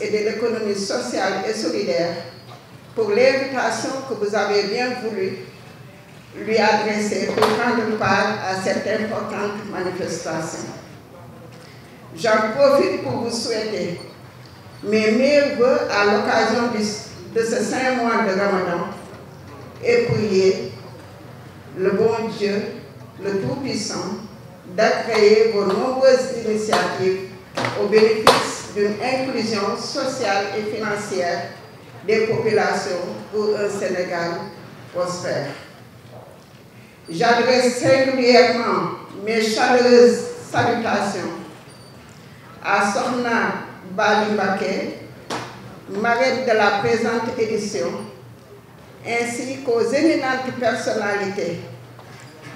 et de l'économie sociale et solidaire pour l'invitation que vous avez bien voulu lui adresser pour prendre part à cette importante manifestation. J'en profite pour vous souhaiter mes meilleurs voeux à l'occasion de ce saint mois de Ramadan et prier le bon Dieu, le Tout-Puissant, d'accueillir vos nombreuses initiatives au bénéfice d'une inclusion sociale et financière des populations pour un Sénégal prospère. J'adresse singulièrement mes chaleureuses salutations à Sorna Balimbake, marraine de la présente édition, ainsi qu'aux éminentes personnalités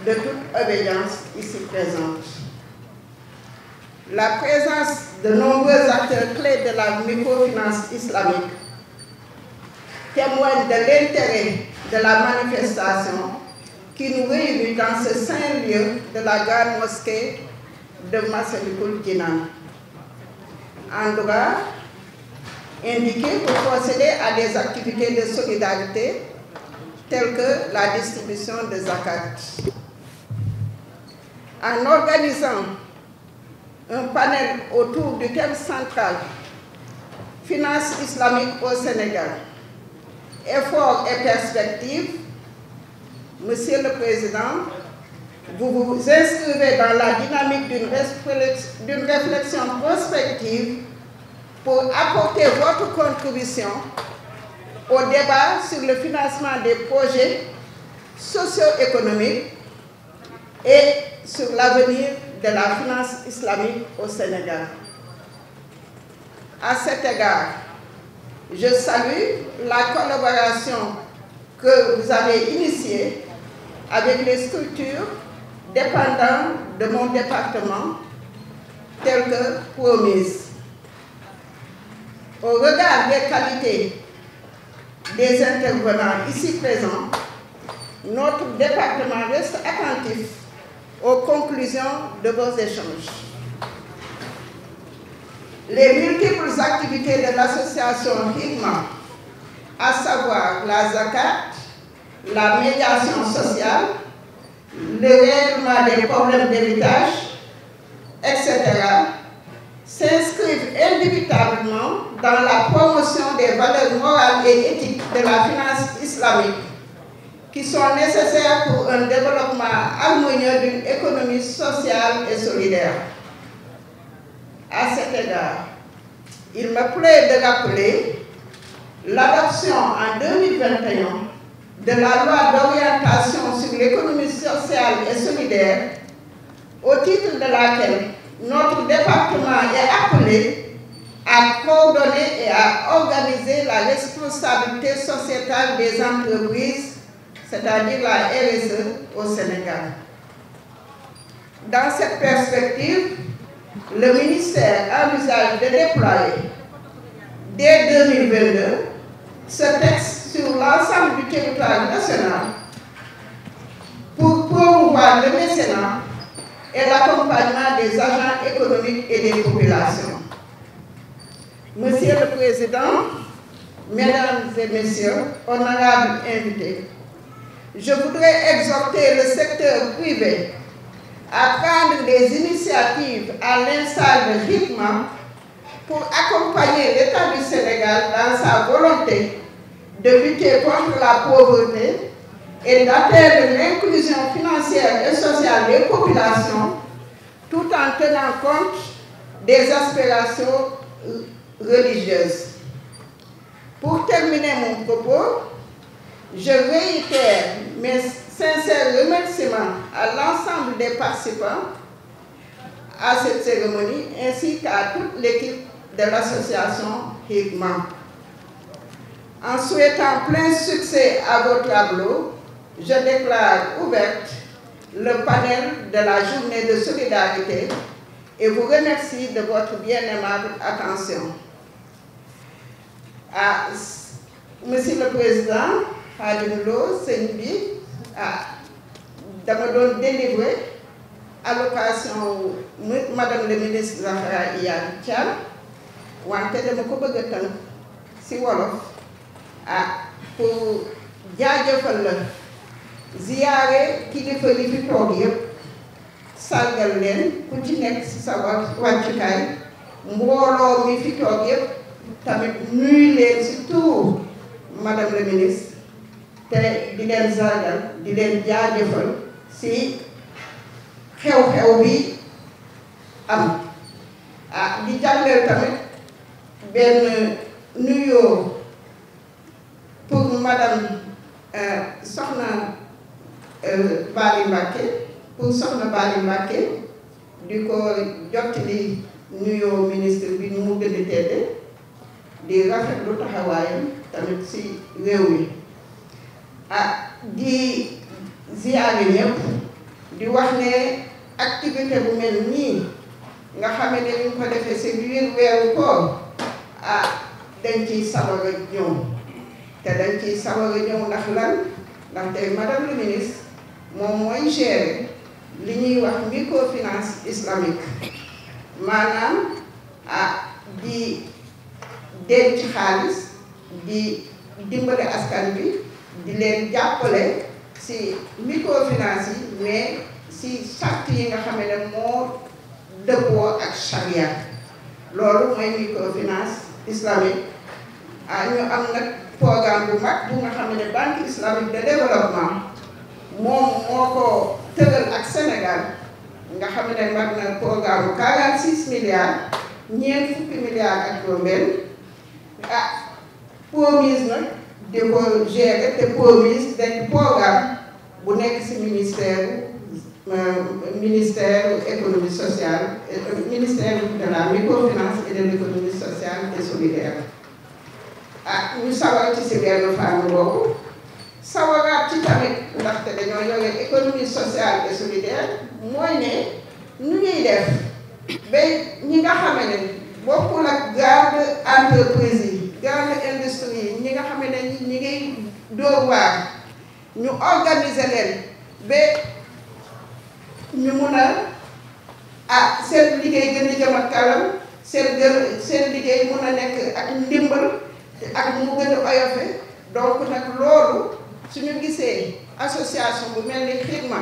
de toute obédience ici présentes. La présence de nombreux acteurs clés de la microfinance islamique témoigne de l'intérêt de la manifestation qui nous réunit dans ce saint lieu de la grande mosquée de Masenikulkina, en droit indiqué pour procéder à des activités de solidarité telles que la distribution des zakat. En organisant un panel autour du thème central Finance islamique au Sénégal, efforts et perspectives. Monsieur le Président, vous vous inscrivez dans la dynamique d'une réflexion prospective pour apporter votre contribution au débat sur le financement des projets socio-économiques et sur l'avenir de la finance islamique au Sénégal. À cet égard, je salue la collaboration que vous avez initiée avec les structures dépendantes de mon département, telles que promises. Au regard des qualités des intervenants ici présents, notre département reste attentif aux conclusions de vos échanges. Les multiples activités de l'association HIGMA, à savoir la zakat, la médiation sociale, le règlement des problèmes d'héritage, etc., s'inscrivent indubitablement dans la promotion des valeurs morales et éthiques de la finance islamique qui sont nécessaires pour un développement harmonieux d'une économie sociale et solidaire. À cet égard, il me plaît de rappeler l'adoption en 2021 de la loi d'orientation sur l'économie sociale et solidaire, au titre de laquelle notre département est appelé à coordonner et à organiser la responsabilité sociétale des entreprises c'est-à-dire la RSE au Sénégal. Dans cette perspective, le ministère envisage de déployer dès 2022 ce texte sur l'ensemble du territoire national pour promouvoir le mécénat et l'accompagnement des agents économiques et des populations. Monsieur le Président, Mesdames et Messieurs, honorables invités, je voudrais exhorter le secteur privé à prendre des initiatives à l'instar de pour accompagner l'État du Sénégal dans sa volonté de lutter contre la pauvreté et d'atteindre l'inclusion financière et sociale des populations tout en tenant compte des aspirations religieuses. Pour terminer mon propos, je réitère mes sincères remerciements à l'ensemble des participants à cette cérémonie ainsi qu'à toute l'équipe de l'association Higman. En souhaitant plein succès à vos tableaux, je déclare ouverte le panel de la journée de solidarité et vous remercie de votre bien aimable attention. Monsieur le Président, Xaadim Lo sëñ bi ah dama doon délivrer allocation madame le ministre Zahra Iyane Thiam wante dama ko bëgg a si wolof ah pour jaajëfal la ziyaare kilifa yi fi toog yëpp sargal leen ku ci nekk si sa wàccukaay mbooloo mi fi toog yëpp tamit nuyu leen si tur madame le ministre. te di leen sargal di leen jaajëfal si xew-xew bi am ah di jàngal tamit benn nuyoo pour madame euh, soxna euh, Bali Mbacke pour soxna Bali Mbacke di ko jottali nuyoo ministre bi nu mu gën a tedde di rafetlu taxawaayam tamit si réew mi ah di ziyaare ñëpp di wax ne activité bu mel nii nga xam ne ñu ko defee si biir weeru koor ah dañ ci sawar a ñëw te dañ ciy sawar a ñëw ndax lan ndax tey madame le ministre moom mooy gérer li ñuy wax microfinance islamique maanaam ah di denc xaalis di dimbale askan bi di leen jàppale si microfinance yi mais si sart yi nga xam ne moo dëppoo ak charia loolu mooy microfinance islamique ah ñu am nag programme bu mag bu nga xam ne banque islamique de développement moom moo ko tëral ak Sénégal nga xam ne mag na programme bu 46 milliards ñeent fukki milliards ak juróom-benn ah promise nag. di ko gérer te POWIS nekk programme bu nekk ci ministère euh, ministère économie sociale euh, ministère de la microfinance et de l'économie sociale et solidaire ah ñu sawar ci si benn fànn boobu sawaraat ci tamit ndaxte dañoo yore économie sociale et solidaire mooy ne nu def ba ñi nga xame ne bokkul ak garde entreprise gàllu industrie ñi nga xam ne ñi ngay dóor waar ñu organiser leen ba ñu mun a ah, seen liggéey gën a jëm ak seen gën seen liggéey mun a nekk ak ndimbal ak mu gën a oyofe donc nag loolu suñu gisee association bu mel ni Xidma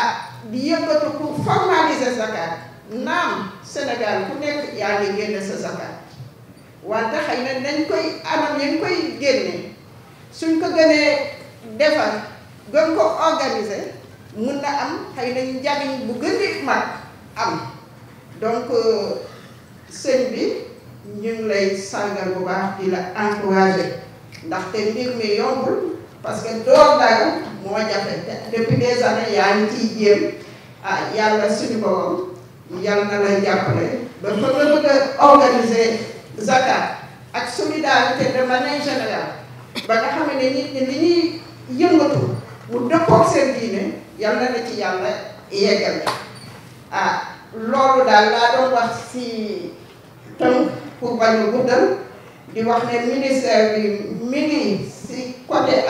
ah di yëngatu pour formaliser zakat naam Sénégal ku nekk yaa ngi génne sa zakat wante xëy na nañ koy anam ñu koy génne suñ ko gënee defar gën ko organiser mun na am xëy na njariñ bu gën a mag am donc euh, sëñ bi ñu ngi lay sàngal bu baax di la encourager ndaxte mbir mi yombul parce que door dara moo jafe depuis des années yaa ngi ciy ah yàlla suñu borom yàlla na la jàppale ba fa nga bëgg a organiser zakat ak solidarité de manière générale ba nga xam ne nit ñi li ñuy yëngatu mu dëppoog seen diine yal na ci yàlla yeggal ah loolu daal laa doon wax si tënk pour bañ a guddal di wax ne ministère bi mi ngi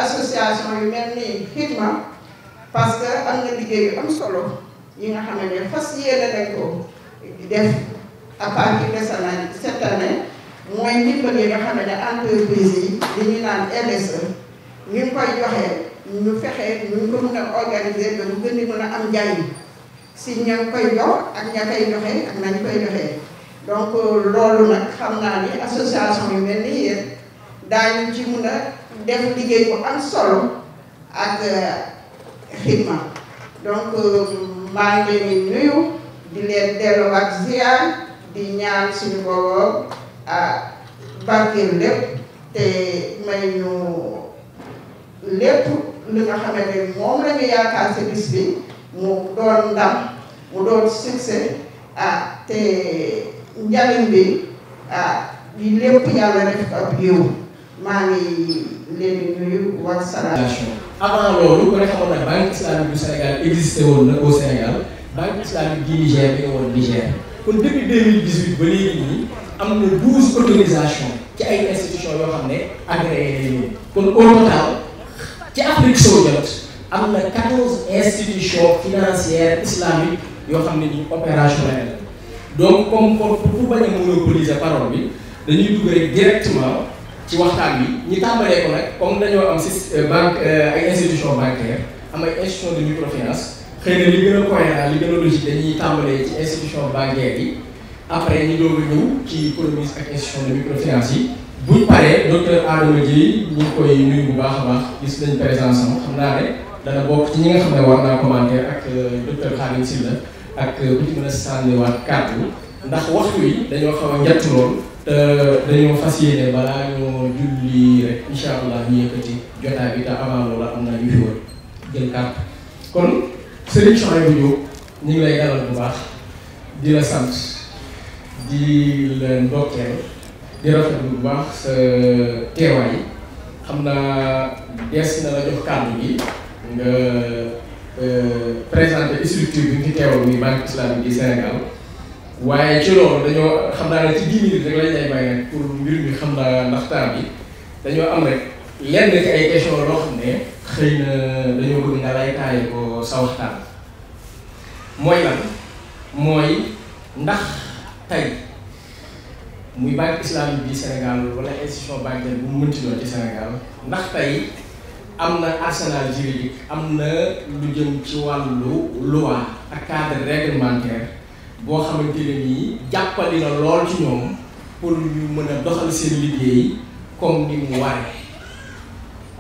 association yu mel ni Hikma parce que am na liggéey yu am solo yi nga xam ne fas yéene nañ ko def à partir de cette année. mooy ndimbal yi nga xam ne entreprise yi li ñu naan RSE ñu ngi koy joxee ñu fexe ñu ngi ko mën a organiser ba gën di mën a am njariñ si ña koy jox ak ña koy joxe ak nañ koy joxee donc loolu nag xam naa ni association yu mel ni yéen daañu ci mën a def liggéey bu am solo ak euh, xidma donc maa ngi leen nuyu di leen delluwaat ziar di ñaan suñu boroom ah barkeel lépp te may ñu lépp li nga xamante moom la ñu yaakaar si bi mu doon ndam mu doon succès ah, te njariñ bi ah, lépp yàlla def ab yiw maa ngi leen di nuyu wa salaam. avant loolu ku ne xamoon na banque islamique du Sénégal existé woon na au Sénégal banque islamique du Niger bi nga Niger kon depuis deux mille dix huit ba nii. am na douze autorisations ci ay institutions yoo xam ne agréé nañu kon au total ci Afrique sowu-jant am na quatorze institutions financières islamiques yoo xam ne ñu opérationnelles donc comme pour pour bañ a monopoliser parole bi dañuy dugg rek directement ci waxtaan bi ñu tàmbalee ko nag comme dañoo am si euh, banque euh, ay institutions bancaires am ay institutions de microfinance xëy na li gën a cohérent li gën a logique dañuy tàmbalee ci institution bancaire yi. après ñu doog a ñëw ci promise ak question de yi buñ paree docteur Adama Dieye ñu koy nuyu bu baax a baax gis nañ présence am xam naa ne dana bokk ci ñi nga xam ne war naa commenter ak euh, docteur Khadim Sylla ak euh, ku ci mën a sànniwaat kàddu ndax waxtu yi dañoo xaw a njëtt lool euh, dañoo fas yéene balaa ñoo julli rek incha allah ñu yëkkati jotaay bi te avant loola am na ñu war jël kàddu kon solution yi bu ñu ngi lay dalal bu baax di leen ndokkeel di rafetlu bu baax sa euh, teewaay xam naa des na la jox kàddu gi nga euh, présenter structure bi ñu teewal muy banque islamique du Sénégal waaye ci loolu dañoo xam naa ne ci dix minutes lañ lay may pour mbir mi xam na ndax temps bi dañoo am rek lenn ci ay question loo ne xëy na dañoo bëgg nga lay taaye ko sa waxtaan mooy lan mooy ndax tey muy banque islamique bi Sénégal wala institution bancaire bu mu mënti doon ci Sénégal ndax tey am na arsenal juridique am na lu jëm ci wàllu loi ak cadre réglementaire boo xamante ne nii jàppali na lool ci ñoom pour ñu mën a doxal seen liggéey comme ni mu waree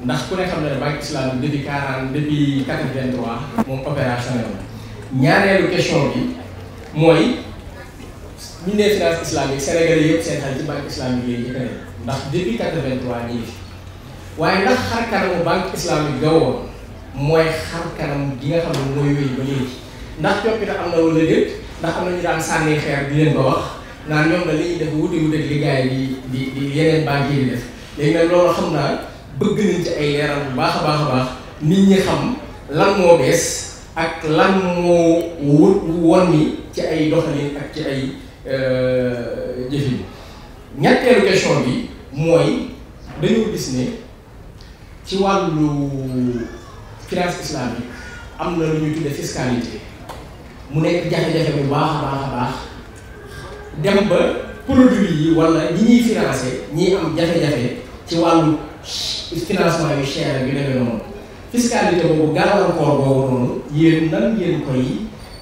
ndax ku ne xam ne banque islamique depuis quarante depuis quatre-vingt-trois moom opérationnel la ñaareelu question bi mooy. bu ñu nee finance islamique Sénégalais yëpp seen xel ci banque islamique lay ndax depuis quatre-vingt-trois ñu waaye ndax xar kanamu banque islamique ga woon mooy xar kanam gi nga xam ne mooy wéy ba léegi ndax coppite am na wala déet ndax am na ñu daan sànni xeer di leen ko wax naan ñoom la li ñuy def wuute wuute li gars yi yeneen banques yi di def léegi nag loolu xam naa bëgg nañ ci ay leeral bu baax a baax a baax nit ñi xam lan moo bees ak lan moo wut woon ni ci ay doxalin Euh, jëfin ñetteelu question bi mooy dañoo gis ne ci wàllu finance islamique am na lu ñuy tudde mu nekk jafe-jafe bu baax baax baax dem ba produit yi wala ñi ñuy financé ñi am jafe-jafe ci wàllu financement yu cher yu demee noonu fiscalité boobu gàllankoor boobu noonu yéen nan ngeen koy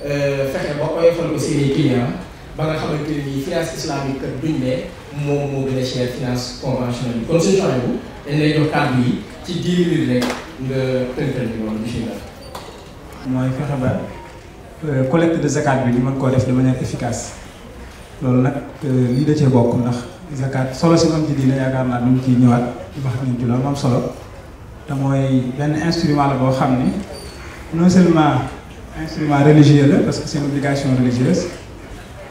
euh, fexe ba koy fal seeni client ba nga xamante ne nii finance islamique kat duñ ne moom moo gën a cher finance conventionnelle bi kon suñu changé dañ lay jox kàddu yi ci diir rek nga tënkal ñu loolu bisimilah. mooy fexe ba euh, collecte de zakat bi ñu man koo def de manière efficace loolu nag euh, lii da cee bokk ndax zakat solo si moom ci diine yaakaar naa duñ ciy ñëwaat di ci solo te mooy benn instrument la boo xam ni non seulement instrument religieux la parce que c'est une obligation religieuse.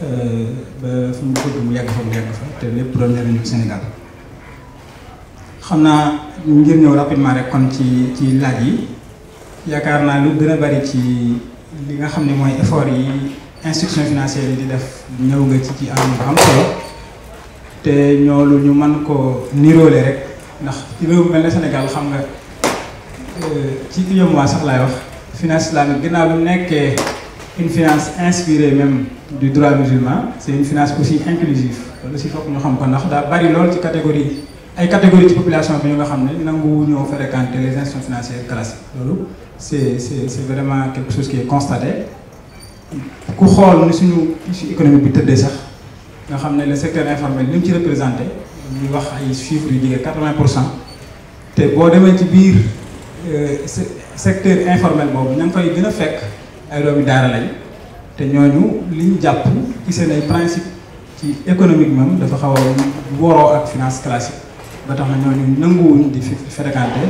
Euh, ba fu mu bëgg mu yàgg fa mu yàgg fa te lépp doon njëriñu Sénégal xam naa ngir ñëw rapidement rek kon ci ci laaj yi yaakaar naa lu gën a bari ci li nga xam ne mooy effort yi institution financière yi di def ñëw nga ci ci am am ñu mën ko niroole rek ndax ci réew mel ne Sénégal xam nga euh, ci UEMOA sax laay wax finance islamique gannaaw bi mu nekkee une finance inspirée même du droit musulman c'est une finance aussi inclusive C'est si que ñu xam ko ndax daa bari lool ci catégorie ay catégories population que nous nga fait nous nangu offert fréquenter les institutions financières classiques c'est vraiment quelque chose qui est constaté ku on ni suñu tissu nous bi tëddee sax le secteur informel qui est représenté ñu wax ay chiffres de 80 Et cent on ci euh, secteur informel boobu ña ngi fay effets ay doomi daara lañ te ñooñu li ñu jàpp ci seen ay principe ci économique moom dafa xaw a woroo ak finance classique ba tax na ñooñu nanguwuñ di fréquenté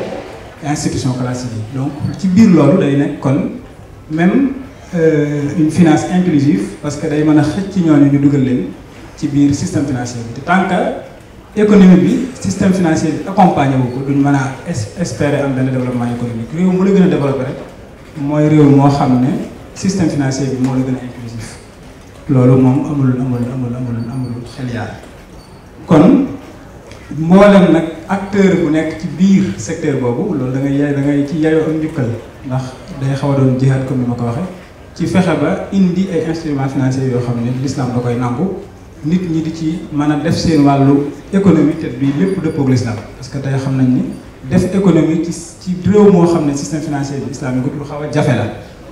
institution classique yi donc ci biir loolu day nekk kon même euh, une finance inclusive parce que day mën a xëcc ci ñooñu ñu dugal leen ci biir système financier bi te tant que économie bi système financier bi accompagné wu ko duñ mën a espérer am benn développement économique réew mu la gën a développé rek mooy réew moo xam ne système financier bi moo la gën a inclusif loolu moom amul amul amul amul amul xel yaar kon mboolem nag acteur bu nekk ci biir secteur boobu loolu da ngay yaay da ngay ci yaayoo am njukkal ndax day xaw a doon jihaat comme ni ma ko waxee ci fexe ba indi ay instruments financiers yoo xam ne l'islam da koy nangu nit ñi di ci mën a def seen wàllu économie te bi lépp dëppoog l'islam parce que tey xam nañ ni def économie ci ci moo xam ne système financier bi islamique lu xaw a jafe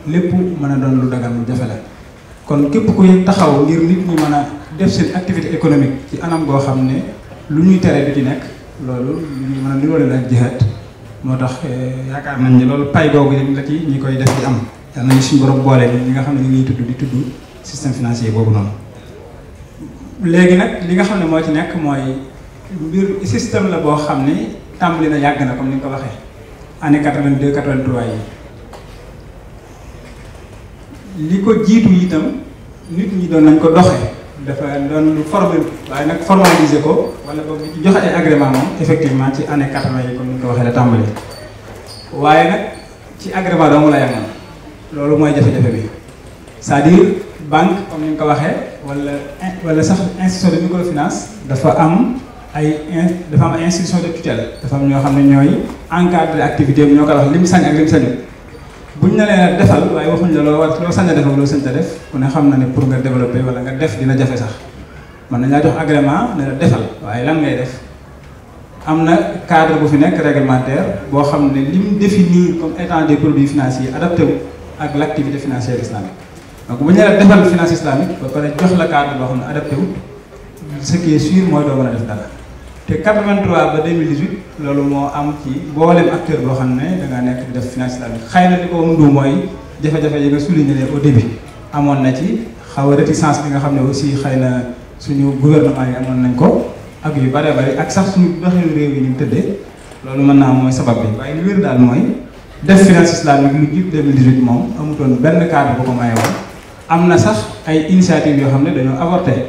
lépp mën a doon lu dagan lu jafe la kon képp kuy taxaw ngir nit ñi mën a def seen activité économique ci anam goo xam ne lu ñuy tere du ci nekk loolu lu ñuy mën a niróole moo tax eh, yaakaar nañ ne loolu pay googu yëpp la ci ñi koy def di am yal nañu suñu borom boole ñi nga xam ne ñu financier boobu noonu. léegi nag li nga xam ne moo ci nekk mooy mbir système la boo xam ne. tàmbali na yàgg na comme ni nga ko waxee année 82 83 yi li ko jiitu itam nit ñi doon nañ ko doxee dafa doon lu formel waaye nag formaliser ko wala boog ci joxe ay agrément moom effectivement ci année 80 yi comme ni nga ko waxee la tàmbali waaye nag ci agrément dong la yamoon loolu mooy jafe-jafe bi cest à banque comme ni nga ko waxee wala wala sax institution de microfinance dafa am ay eh, dafa am ay institution de tutelle dafa am ñoo xam ne ñooy encadré activité am ñoo koy wax lim sañ ak lim sañu buñ ne leen defal waaye waxuñ la loo war loo sañ a def ak loo sañ a def ku ne xam na ne pour nga développer wala nga def dina jafe sax mën nañ laa jox agrément ne la defal waaye lan ngay def am na cadre bu fi nekk réglementaire boo xam ne lim définir comme étant des produits financiers adapté ak l' financière islamique donc bu la defal finance islamique ba pare jox la cadre boo xam adapté wu ce qui est sûr mooy doo mën def dara. te 83 ba 2018 loolu moo am ci mboolem acteur boo xam ne da nekk def finance islamique xëy na li ko wundu mooy jafe-jafe yi nga souligné ne au début amoon na ci xaw a réticence bi nga xam ne aussi xëy na suñu gouvernement yi amoon nañ ko ak yu bare bari ak sax suñu doxalin réew yi ñu tëddee loolu mën naa mooy sabab bi waaye lu wér daal mooy def finance islamique lu jub 2018 moom amutoon benn cadre bu ko maye woon am na sax ay initiative yoo xam ne dañoo avorté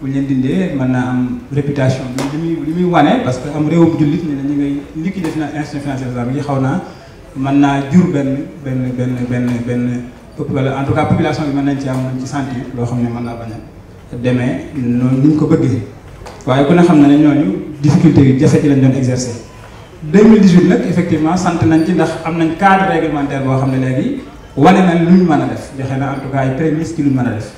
bu ñu dindee mën naa am li muy wane parce que am réew réewum jullit ne ñu ngay liquider institution financière islam yi xaw naa mën naa jur benn benn benn benn benn wala en tout cas population bi mën nañ ci am nañ ci sentir loo xam ne mën naa bañ a demee noonu ni ñu ko bëggee waaye ku ne xam na ne ñooñu difficulté yi jafe ci lañ doon exercer 2018 nag effectivement sant nañ ci ndax am nañ cadre réglementaire boo xam ne léegi wane na luñ mën a def joxe na en tout cas ay prémices ci luñ mën a def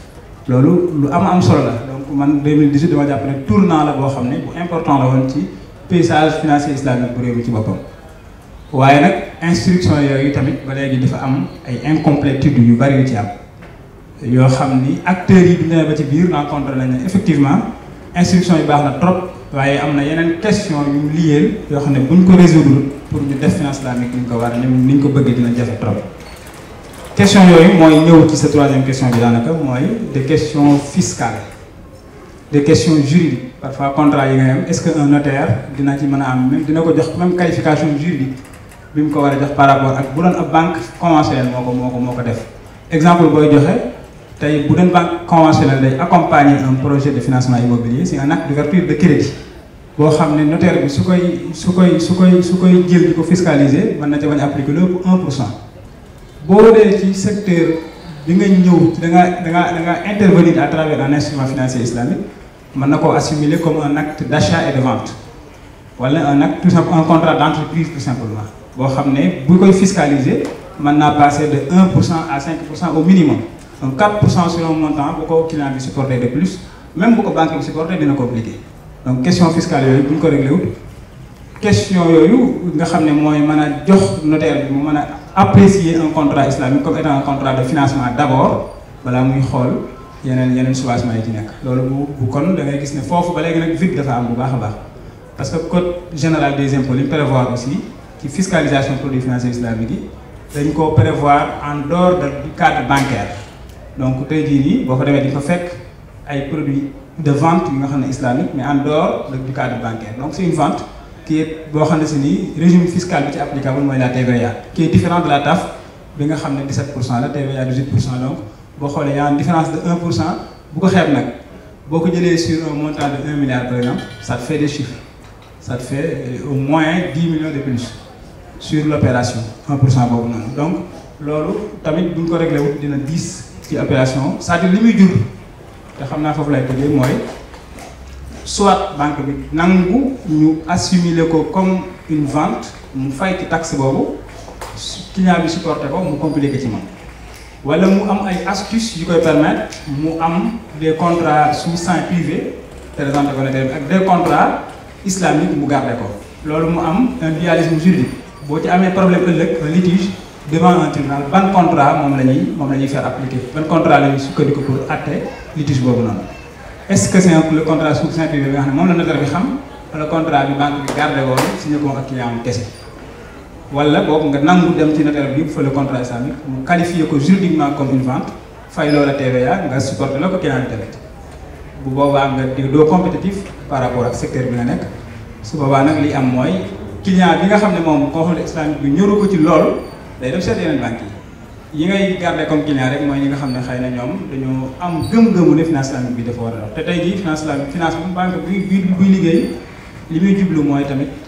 loolu lu am am solo la man 2018 dama japp ne tournant la bo xamné bu important la won ci paysage financier islamique bu réew ci bopam waaye nak instruction yoy yi tamit ba légui dafa am ay incomplétudes yu bari ci am yo xam ni acteurs yi dina ba ci biir rencontre nañ ne effectivement instruction yi bax na trop. waaye amna yenen question yu liyel yo xamné buñ ko résoudre pour ñu def finance islamique ni ñu ko war a ni ñu ko bëgg dina jafe trop question yoy moy ñëw ci sa troisième question bi daanaka moy des questions fiscales des questions juridiques parfois contrat est-ce qu'un notaire dina ci même dina ko même qualification juridique par rapport à bu banque conventionnelle moko exemple une joxe banque conventionnelle accompagne accompagner un projet de financement immobilier c'est un acte d'ouverture de crédit Si xam notaire bi su koy su koy su koy fiscaliser na appliquer un secteur bi nga intervenir à travers un instrument financier islamique je na assimiler comme un acte d'achat et de vente wala un acte un contrat d'entreprise entreprise tout simplement boo xam ne bu koy fiscaliser vous naa passer de 1 à 5 au minimum donc 4 selon le sur montant bu ko client bi de plus même bu ko banque bi supporté dina ko obligé donc question fiscale yooyu bu régler ko question yooyu nga xam ne mooy jox notaire apprécier un contrat islamique comme étant un contrat de financement d'abord. abord balaa muy xool yeneen yeneen a yi ci nekk loolu bu bu kon da ngay gis ne foofu ba léegi nag vide dafa am bu baax a parce que code général des impôts li mu prévoir aussi ci fiscalisation produits financiers islamiques yi dañ koo prévoir en dehors du cadre bancaire donc tey jii nii boo fa demee di fa fekk ay produits de vente yi nga xam islamique mais en dehors du cadre bancaire donc c'est une vente qui est boo xam ne régime fiscal bi ci applicable mooy la TVA qui est différent de la TAF bi nga xam ne 17 la TVA 18 donc il y a une différence de 1 Si vous bu ko sur un montant de 1 milliard par exemple ça fait des chiffres ça fait euh, au moins 10 millions de plus sur l'opération, 1 pour cent donc loolu tamit buñ ko réglé wut 10 ci opération c'est-à-dire li muy jur te xam naa foofu lay tëjee mooy soit banque bi nangu ñu assimiler ko comme une vente mu fay ci taxe boobu client bi supporté ko mu wala mu am ay astuces yu koy permettre mu am des contrats sous sang privé présenté ko ne ak des contrats islamiques mu garder ko loolu mu am un dualisme juridique boo ci amee problème ëllëg un litige devant un tribunal ban contrat moom la ñuy moom la ñuy faire appliquer ban contrat la ñuy sukkandiku pour atte litige boobu noonu est-ce que c'est un le contrat sous sang privé bi nga xam ne moom la notaire bi xam wala contrat bi banque bi garde woon signé ko ak client am kese wala boobu nga nangu dem ci notaire bi fa le contrat islamique mu qualifié ko juridiquement comme une vente fay loola TVA nga supporté la ko keneen tamit bu boobaa nga doo compétitif par rapport ak secteur bi nga nekk su boobaa nag li am mooy client bi nga xam ne moom contrôle islamique bi ñëru ko ci lool day dem seet yeneen banques yi yi ngay garder comme client rek mooy ñi nga xam ne xëy na ñoom dañoo am gëm-gëmu ne finance islamique bi dafa war a dox te tey li muy jublu mooy tamit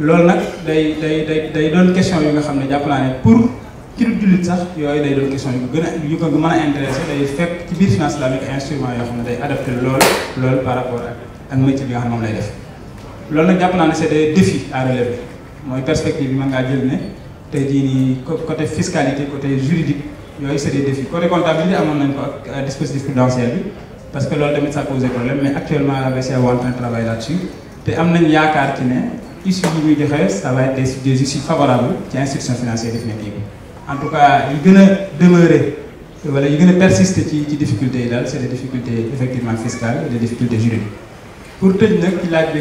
lool nag day day day doon question yu nga xam ne jàpp naa ne pour ki du jullit sax yooyu day doon question yu gën a yu day fekk ci biir finance islamique instrument yoo xam ne day adapté loolu loolu par rapport ak ak métier bi nga xam moom lay def loolu nag jàpp naa ne c'est des défis à relever mooy perspective bi mën ngaa jël ne tey jii nii côté fiscalité côté juridique yooyu c'est des défis côté comptabilité amoon nañ ko ak dispositif prudentiel bi parce que issu du de ça va être des issues favorables qui une institution financière définitive en tout cas ils vont demeurer Voilà, vont persister ci ci difficultés là, des difficultés effectivement fiscales et des difficultés juridiques pour tout le ci la bi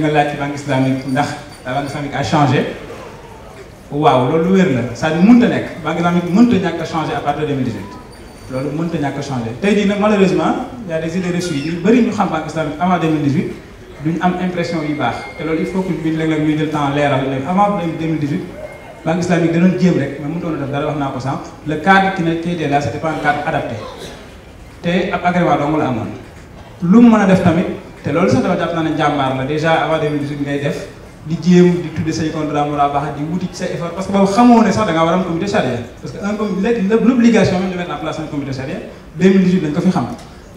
islamique la banque islamique a changé waaw le wér là, cest à La banque islamique a changé à partir de 2018 Le monte a il changé il y' a des idées reçues yu bëri ñu xam banque islamique avant 2018 duñ am impression yu baax te loolu il faut que ñu léeg-léeg ñuy jël temps leeral léegi avant 2018 banque islamique def dara wax naa ko sànq le cadre qui n'était était là c'était pas un cadre adapté te ab agrément dong la amoon. lu mu a def tamit te loolu sax dafa jàpp naa ne njàmbaar la déjà avant 2018 ngay def di jéem di tudde say contrat moral baax di wuti sa effort parce que boobu xamoo ne sax da war a am comité charia parce que un comité l'obligation même de mettre en place un comité charia 2018 dañ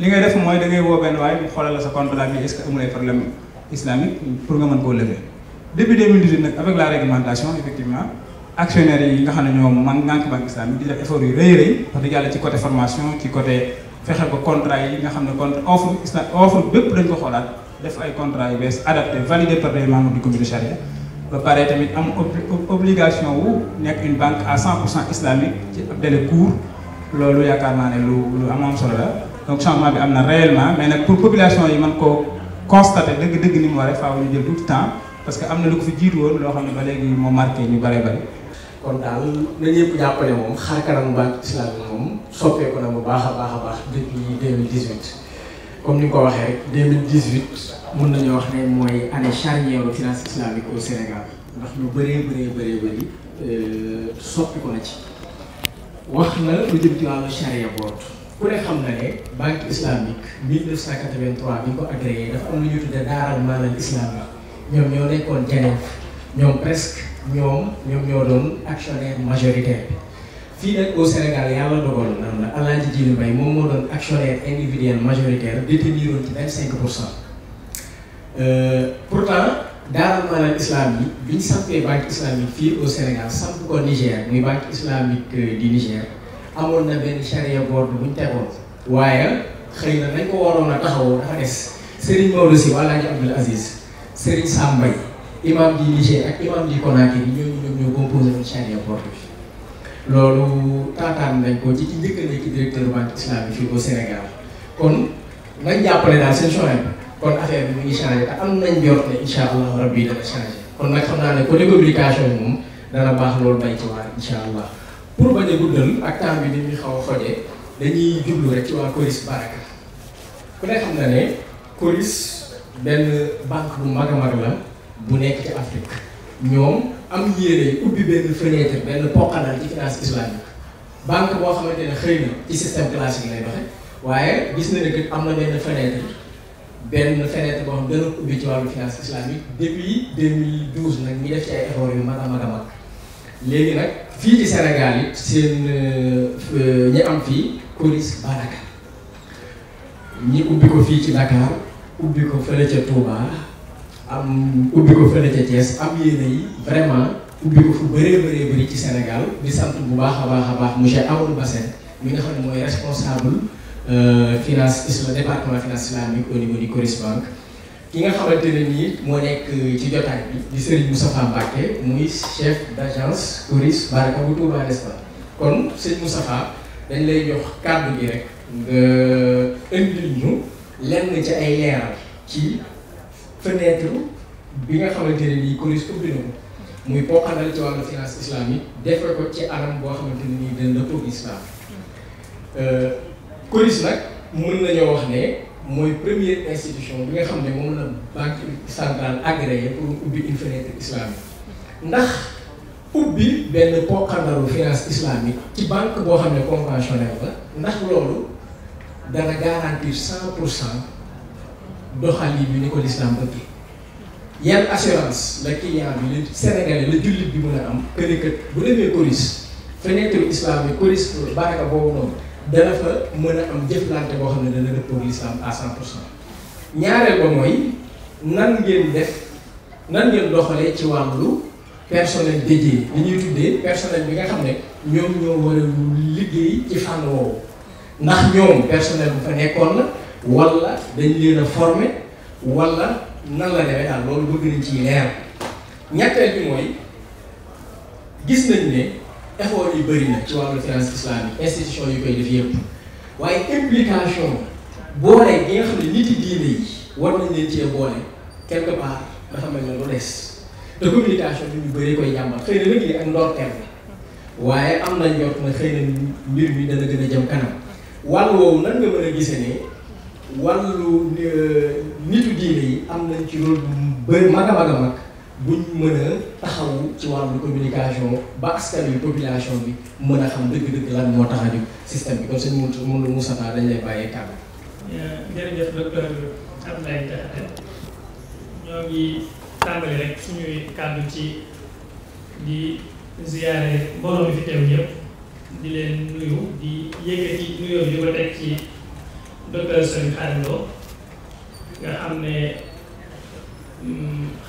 li ngay def mooy dangay ngay woo benn waaye mu xoolal la sa compte là bi est ce que problème islamique pour nga mën koo lever depuis 2018 nag avec la réglementation effectivement actionnaires yi nga xam ne ñoom man ngànk banque islamique di def effort yu rëy rëy wax dëgg yàlla ci côté formation ci coté fexe ko contrat yi nga xam ne contre offre islam offre bépp dañ ko xoolaat def ay contrat yu bees adapté validé par les membres du comité de charia ba pare tamit wu nekk une banque à cent islamique ci ab loolu yaakaar naa ne lu lu am am solo donc changement bi am na réellement mais nag pour population yi mën koo constater dëgg-dëgg ni mu waree faaw ñu jël tout temps parce que am na lu ko fi jiitu woon loo xam ne ba léegi moo marqué ñu bare bare kon daal na ñëpp jàpp ne moom xar kanam ba islam moom soppeeku na bu baax a baax a baax depuis 2018 comme ni ko waxee rek 2018 mën nañu wax ne mooy année charnière u finance islamique au Sénégal ndax ñu bëree bëree bëree bëri euh, soppi ko na ci wax na lu jëm ci wàllu charia board ku ne xam na ne banque islamique 1983 bi ñu ko agréé dafa ñoo nekkoon ñoo doon actionnaire majoritaire bi. fii nag au Sénégal yàlla dogal na la Alaaji euh, daaral maalal islamique bi ñu sampee banque islamique fii au Sénégal samp ko Niger muy banque islamique euh, du Niger. amoon na benn charia board bu ñu tegoon waaye xëy na nañ ko waroon a taxawoo dafa des Serigne Maodo Sy wala ji Abdoul Aziz Serigne Sambay imam di Niger ak imam di Conakry bi ñooñu ñoom ñoo composé woon charia board bi loolu taataan nañ ko ci ci njëkk a nekk directeur banque islamique fii au Sénégal kon nañ jàppale daal seen choix kon affaire bi mu ngi changé am nañ jot ne incha allah rabbi dana changé kon nag xam naa ne côté communication moom dana baax loolu bay ci waar pour bañ a guddal ak temps bi ni muy xaw a xojee dañuy jublu rek ci waa Coris Baraka ku ne xam na ne Coris benn banque bu mag la bu nekk ci Afrique ñoom am yéene ubbi benn fenêtre benn poqanal ci finance islamique banque boo xamante ne xëy na ci système classique lay doxe waaye gis ne que am na benn fenêtre benn fenêtre boo xam ubbi ci wàllu finance islamique depuis 2012 nag ñu def ci ay yu mag a mag léegi nag. fii ci Sénégal it seen euh, ñi am fii Coris Baraka ñi ubbi ko fii ci Dakar ubbi ko fële ca Touba am ubbi ko fële ca Thiès am yéene yi vraiment ubbi ko fu bëree bëree bëri ci Sénégal di sant bu baax a baax a baax monsieur Amadou Bassène mi nga xam ne mooy responsable euh, finance islam département finance islamique au niveau du Coris Banque ki nga xamante ne nii moo nekk ci jotaay bi di Serigne Moustapha Mbacké muy chef d' agence Coris Baraka bu Touba kon sëñ Moustapha dañ lay jox kàddu gi rek nga indil ñu lenn ci ay leeral ci fenêtre bi nga xamante ne nii Coris ubbi na ko muy poqanal ci wàllu finance islamique defe ko ci anam boo islam Coris nag mën nañoo wax ne. mooy premier institution bi nga xam ne moom la banque centrale agréé pour ubbi une fenêtre islamique ndax ubbi benn poqandalu finance islamique ci banque boo xam ne conventionnelle la ndax loolu dana garantir cent pour cent doxali bi ni ko l'islam bëggee yan assurance la client bi la Sénégalais la jullit bi mën a am que ne kat bu demee CORIS fenêtre islamique CORIS banque boobu noonu. dana fa mën a am jëflante boo xam ne dana dëppoo l'islam à cent pour cent ñaareel ba mooy nan ngeen def nan ngeen doxalee ci wàllu personnel dédié li ñuy tuddee personnel bi nga xam ne ñoom ñoo war a liggéey ci fànn woowu ndax ñoom personnel bu fa nekkoon la wala dañ leen a former wala nan la demee daal loolu bëgg nañ ci leer ñetteel bi mooy gis nañ ne effort yu bari na ci wàllu finance islamique institution yu koy def yëpp waaye implication boole gi nga xam ne nit yi diine yi war nañ leen cee boole quelque part te communication bi ñu bëree koy jàmbat xëy na nag lii ak ndorteel la waaye am na njort na xëy na mbir mi dana gën a jëm kanam wàll woowu nan nga a gisee ne wàllu euh, nitu diine yi am nañ ci rôle bu mag a mag a mag. buñ mën a taxawu ci wàllu communication ba askan wi bi mën a xam dëgg-dëgg lan moo tax a jóg système bi kon sëñ Moundou Moussa Tall dañ lay bàyyee kàddu. jërëjëf docteur Abdoulaye Diakhaté ñoo ngi tàmbali rek suñuy kàddu ci di ziyaare mbooloo fi teew yëpp di leen nuyu di yëkkati nuyoo bi ko teg ci docteur Serigne Khadim nga xam ne.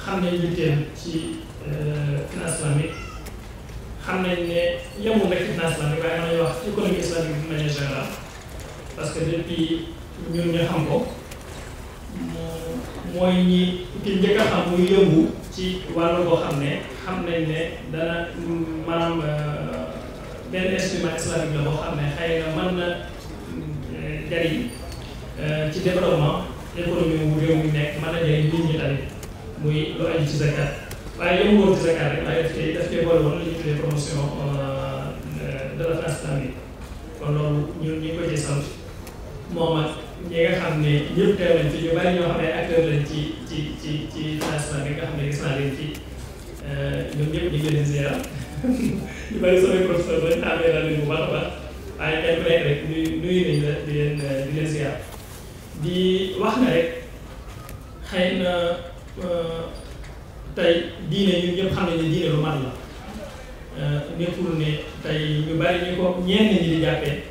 xam nañ liggéeyam ci finance euh, islamique xam nañ ne yemul rek finance islamique waaye mën nañu wax économie islamique de manière générale parce que depuis ñun ñu xam ko mooy ñi njëkk a xam muy yëngu ci wàllu boo xam ne xam nañ ne dana maanaam euh, benn instrument islamique la boo xam ne xëy na mën na euh, jariñ ci développement économie wu réew mi nekk mën na jariñ nit ñi tamit muy lu aju ci zakat waaye yëngu woon ci zakat rek waaye daf cee daf cee boole woon li ñu tuddee promotion euh, euh, de la kon loolu ñun ñu ngi ko moom ak ñi nga xam ne ñëpp teew nañ fi ñu bari ñoo xam ne acteur lañ ci ci ci ci France islamique nga xam ne gis leen ci euh, ñoom ñëpp ñu ngi leen ziar ñu bari sama professeur ba ñu amee daal bu baax a baax waaye kenn ku nekk di wax na rek xëy na. Euh, tey diine ñun ñëpp xam nañ ne diine lu mat la euh, nekkul ne tey ñu bari ñu ko ñenn ñi di jàppee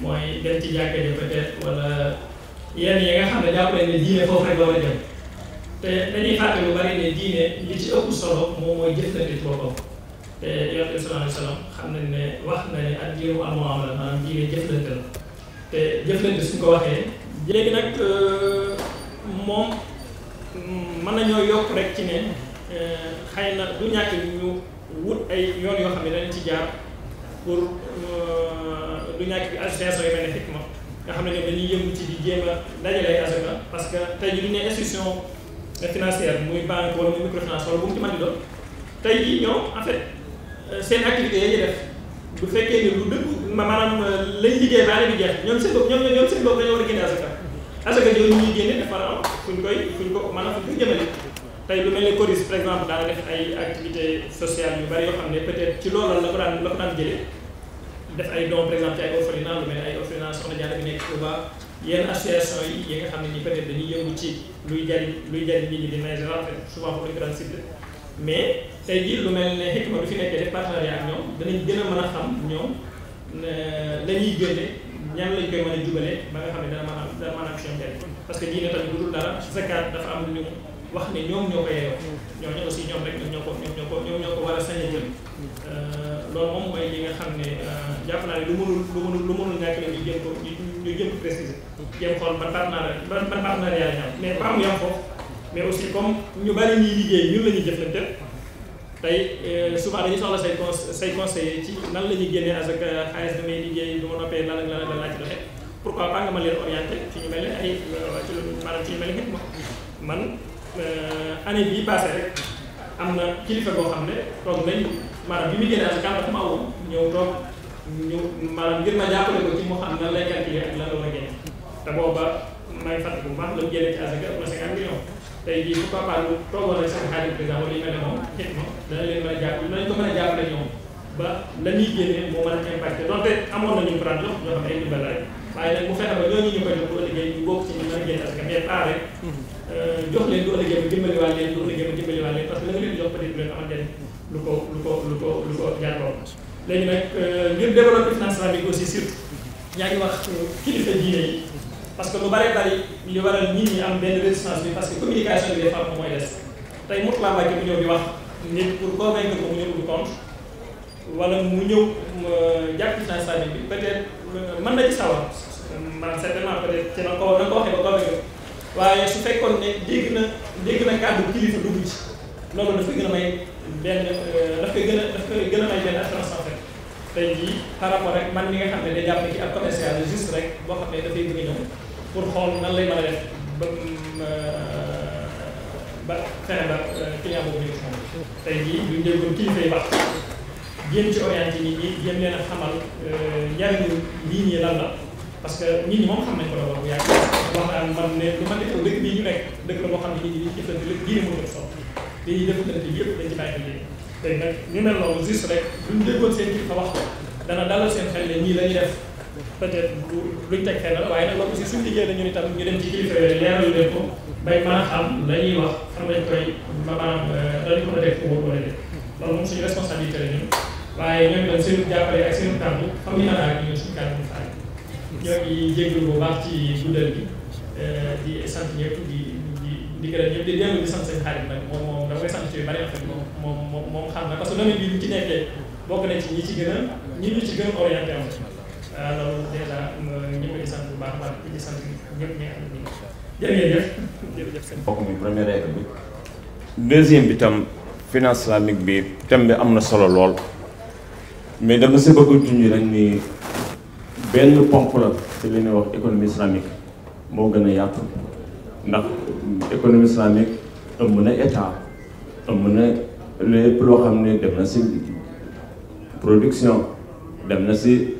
mooy dem ci jàkkee ji peut wala yenn yi nga xam ne jàpp ne diine foofu rek la war a jëm te lu bari ne diine li ci ëpp solo moom mooy jëflante ci boppam te yonent bi sallallahu alayhi xam nañ ne wax na ne ak diinu al-muamala maanaam diine jëflante la te jëflante suñ ko waxee léegi nag euh, moom Mm, mën nañoo yokk rek ci ne eh, xëy na du ñàkk ñu wut ay yoon yoo xam ne dañ ci jaar pour euh, du ñàkk bi association yu mel ne FICMA nga xam ne ñoom dañuy yëngu ci di jéem a dajale ay asaka parce que tey jii du ne institution financière muy banque wala muy microfinance wala bu mu ci mën di doon tey jii ñoom en euh, seen activité ya ñuy def bu fekkee ni lu dëgg maanaam euh, lañ liggéey baale bi jeex ñoom seen bopp ñoom ñoom seen bopp dañoo alal yooyu ñuy génne dafa am fuñ koy fuñ ko maanaam fuñ koy jëmale tey lu mel ne CORIS par exemple daana def ay activités sociales yu bari yoo xam ne peut-être ci loolu la ko daan la ko daan jëlee def ay dons par exemple ci ay orphelinat lu mel ne ay orphelinat soxna Diané bi nekk Touba yenn association yi yi nga xam ne ni peut dañuy yëngu ci luy jariñ luy jariñ nit ñi di may général souvent pour une grande cible mais tey jii lu mel ne xikma bi fi ñoom danañ gën ñan lañ koy mën a jubale ba nga xam ne dana mën a parce que diine tamit bu dul dara zakat dafa am wax ni ñoom ñoo ko yeeyoo ñooñu aussi ñoom rek ñoo ko ñoom ñoo ko ñoom ñoo ko euh, loolu moom mooy li nga xam ne euh, jàpp naa ne lu mënul lu mënul lu mënul ñàkk la ñu jëm ko ñu jëm ko préciser jëm xool ban partenariat ban ban partenariat la ñu am mais ba am yam foofu mais aussi comme ñu bari ñuy liggéey ñun la ñuy jëflante tey euh, souvent dañuy soxla say con say conseillers ci nan la ñuy génnee asaka euh, xaalis bi liggéey bu ma noppee lan ak lan ak lan ci doxee pourquoi pas nga ma leen ñu mel ne ay euh, ci lu am na kilifa boo xam ne toog nañ maanaam bi muy génnee asaka dafa ma woon ñëw toog ñu maanaam ngir ma jàppale ko ci moo xam nan lay ak la war a te booba may fàttali bu baax la mu jëlee ci asaka am na cinquante millions tey jii pourquoi pas lu toogoon ak seen xaajal président wala yu mel ne moom xëy na dana leen mën a jàpp dinañ ko mën a jàppale ñoom ba la ñuy génnee moo a impacté donte amoon nañu ko daan jox ñoo xam ay ndimbal rek waaye nag bu fexe ba ñooñu ñu koy jox bu ëllëgee ñu bokk ci ñu mën a génn asaka mais pas rek euh, jox leen bu ëllëgee ba dimbaliwaat leen bu parce que la nga leen jox lu ko lu ko lu ko lu ko jàlloon léegi euh, ngir développer finance islamique parce que lu bare bari li waral nit ñi am benn résistance bi parce que communication bi des fois mooy des tey mut laa wàcce mu ñëw di wax nit pour convaincre ko mu ñëw du compte wala mu ñëw euh, jàpp ci saa bi peut être euh, mën na ci sawar maanaam certainement peut être ci na ko na ko waxee ba convaincre waaye su fekkoon ne dégg na dégg na kàddu kilifa dugg ci loolu daf gën a may benn euh, daf gën a a may benn assurance en tey jii par rek man mi nga xam ne day jàpp ci pour xool nan lay mën a def ba euh, ba fexe ba euh, client boobu ñu ngi tey jii ñu déggoon kilifa yi wax jéem ci orienté nit ñi jéem xamal euh, njariñu nii lan la parce que nii ñi moom xam nañ ko doon wax bu yàgg wax naan man ne lu ma ne dëkk bii ñu nekk dëkk la boo xam ne nit ñi dañuy jëflante lépp ne moo doon solo dañuy jëflante yëpp dañ ci bàyyi xel léegi tey nag ñu mel noonu juste rek duñ déggoon seen kilifa wax ko dana dalal seen xel ne ñii lañuy def peut être du luñ teg fenn waaye nag loolu aussi suñu liggéey la ñu am tam ñu dem ci kilifa yooyu leeral leen ko bay mën a xam la wax fan lañ koy maanaam euh, dañu ko mën a teg wóor wala déet loolu moom suñu responsabilité la ñun waaye ñoom itam seen jàppale ak xam a ak euh, nag moom moom que domaine bi ñu ci nekkee bokk na ci ñi ci gën a ñi ñu ci a baax deuxième bi tam finance islamique bi thème bi am na solo lool mais dama si bëgg a junj rek ni benn pomp la ci li ñuy wax économie islamique moo gën a yaatu ndax économie islamique ëmb na état ëmb na lépp loo xam ne dem na si production dem na si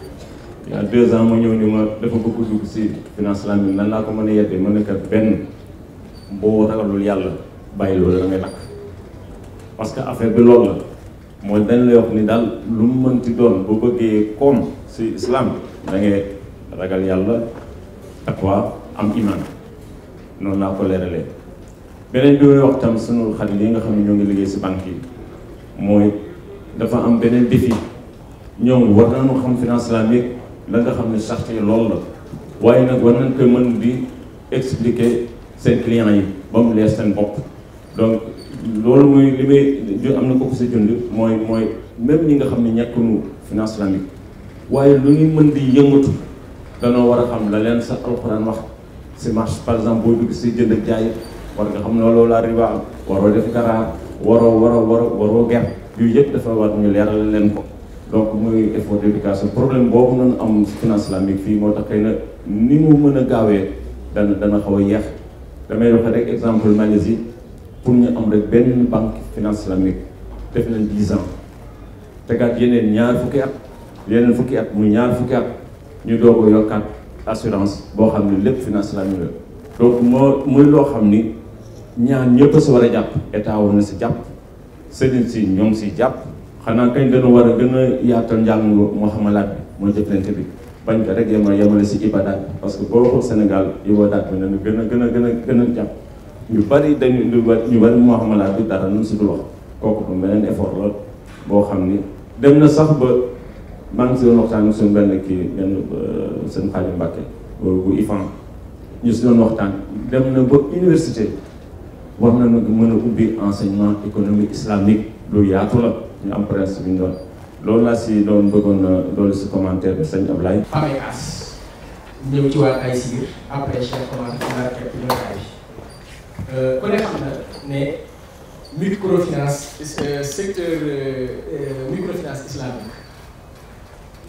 il a deux ans ma ñëw ni ma dafa bëgg dugg si finance islamique nan laa ko mën a yeddee mën na kat benn boo ragalul yàlla bàyyi loolu da ngay takk parce que affaire bi loolu la mooy dañ lay wax ni daal lu mu mënti doon boo bëggee koom si islam da ragal yàlla taqwa am iman noonu laa ko leeralee beneen bi may wax tam sunu xarit yi nga xam ne ñoo ngi liggéey si banque yi mooy dafa am beneen défi ñoom war nañu xam finance islamique la nga xam ne sax ci loolu la waaye nag war nañ ko mën di expliquer seen client yi ba mu leer seen bopp donc loolu mooy li may am na ko ko sa jund mooy mooy même ñi nga xam ne ñàkkunu finance islamique waaye lu ñuy mën di yëngatu danoo war a xam la leen sa alxuraan wax si marché par exemple boo dugg si jënd jaay war nga xam ne loolu laa am waroo def garaa waroo waroo waroo waroo ger yëpp dafa war ñu leeral leen ko donc muy effort d' éducation problème boobu noonu am finance islamique fii moo tax xëy na ni mu mën a gaawee dana dana xaw a yeex damay wax rek exemple Malaisie pour ñu am rek benn banque finance islamique def nañ dix ans tegaat yeneen ñaar fukki at yeneen fukki at muy ñaar fukki at ñu doog a yokkaat assurance boo xam ne lépp finance islamique la donc moo muy loo xam ni ñaar ñëpp a si war a jàpp état war na si jàpp sëriñ si ñoom si jàpp xanaa kañ gën a war a gën a yaatal njàng moo xamalaat bi mooy jëflante bi bañ ko rek yema yemale si ibadaat parce que boo xool Sénégal ibadaat bi nañu gën a ñu bari dañu ñu bari ñu bari moo xamalaat bi dara nun si wax kooku bu beneen effort la boo xam ni dem na sax ba maa ngi si doon waxtaan suñu benn kii benn seen xaalim Mbàkke bu IFAN ñu si waxtaan dem na ba université war na ubbi ah, enseignement économique islamique lu yaatu la ñu am presse bi ñu doon loolu laa si doon bëggoon loolu euh, si commentaire bi sëñ Ablaye. amay as ñëw ci wàllu ay après chef commande nar a fekk bi euh, ku ne xam na ne microfinance euh, secteur microfinance islamique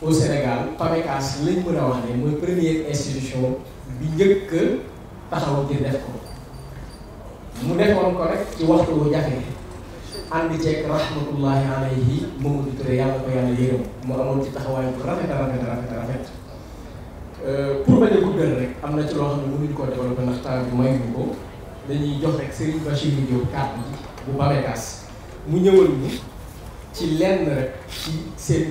au Sénégal PAMECAS lañ mën a wax ne mooy première institution bi njëkk taxaw ngir def ko mu defoon ko rek ci waxtu wu jafe ànd ceeg rahmatullahi alayhi Mamadou Touré yàlla ko yàlla yërëm mu amoon ci taxawaay bu rafet a rafet rafet rafet pour bañ a guddal rek am na ci loo xam ne mënuñu koo développé ndax temps bi mayuñu ko dañuy jox rek Serigne Bachir Diop kàddu yi bu Babekas mu ñëwal ñu ci lenn rek ci seen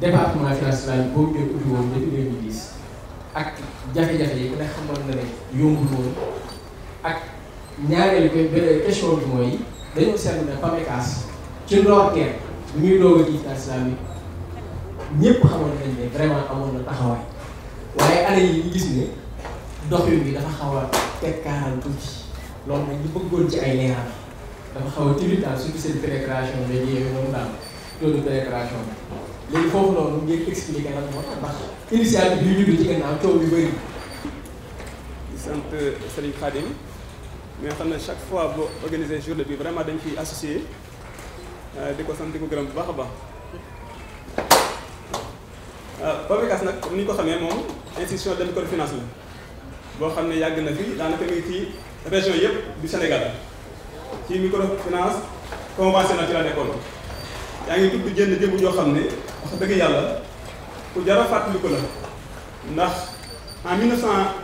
département finance nationale boobu ngeen ubbi woon depuis 2010 ak jafe-jafe yi ku ne xamal na ne yombul woon ak ñaareelu question bi mooy. dañoo seetlu ne PAMECAS ci ndoorteel bi ñuy doog a jiite islamique ñëpp xamoon nañ ne vraiment amoon na taxawaay waaye année yi ñu gis ne doxin bi dafa xaw a teg kaaral tuuti loolu nag ñu bëggoon ci ay leeral dafa xaw a tibi daal surtout seen péréquation la ñuy yooyu moom daal taux de péréquation bi léegi foofu noonu ngeen expliqué lan moo tax ndax initiative yu ñu ci gannaaw coow yu bëri. di sant Serigne Khadim. mais xam chaque fois boo organisé journée bi vraiment dañ ciy associé euh, di ko sant di ko gërëm bu baax a baax. Euh, Pamecas nag ni ko xamee moom institution de microfinance la boo xam ne yàgg na fi daanaka mi ngi ci région yëpp du Sénégal ci microfinance conventionnelle ci la nekkoon yaa ngi tudd jënd jëmm joo xam ne wax dëgg yàlla ku jar a fàttaliku la ndax en 1900.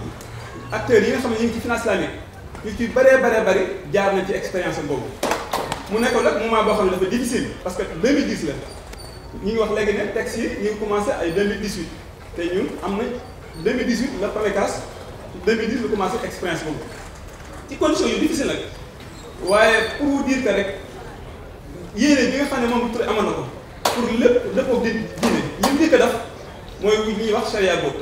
acteurs yi nga xam ne ñu ngi ci finance islamique ñu ci bëree bëree bëri jaar na ci expérience boobu mu nekkoon nag moment boo xam ne dafa difficile parce que 2010 la ñu ngi wax léegi ne texte yi ñu ngi commencé ay 2018 te ñun am na 2018 la première classe 2010 la commencé expérience boobu ci condition yu difficile nag waaye pour vous dire que rek yéene bi nga xam ne moom tur amoon na ko pour lépp dëppoo di diine li mu njëkk a def mooy li ñuy wax charia boobu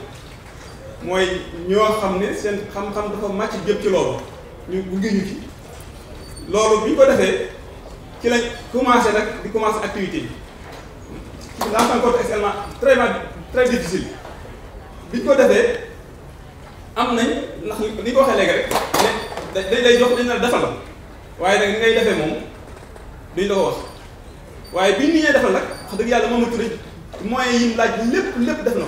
mooy ñoo xam ne seen xam-xam dafa màcc jëm ci loolu ñu gunge ñu ci loolu bi ko defee ci lañ commencé nag di commencé activité yi dans un contexte très très difficile bi ko defee am nañ ndax li ko waxee léegi jox dañ la waaye nag ni ngay defee duñ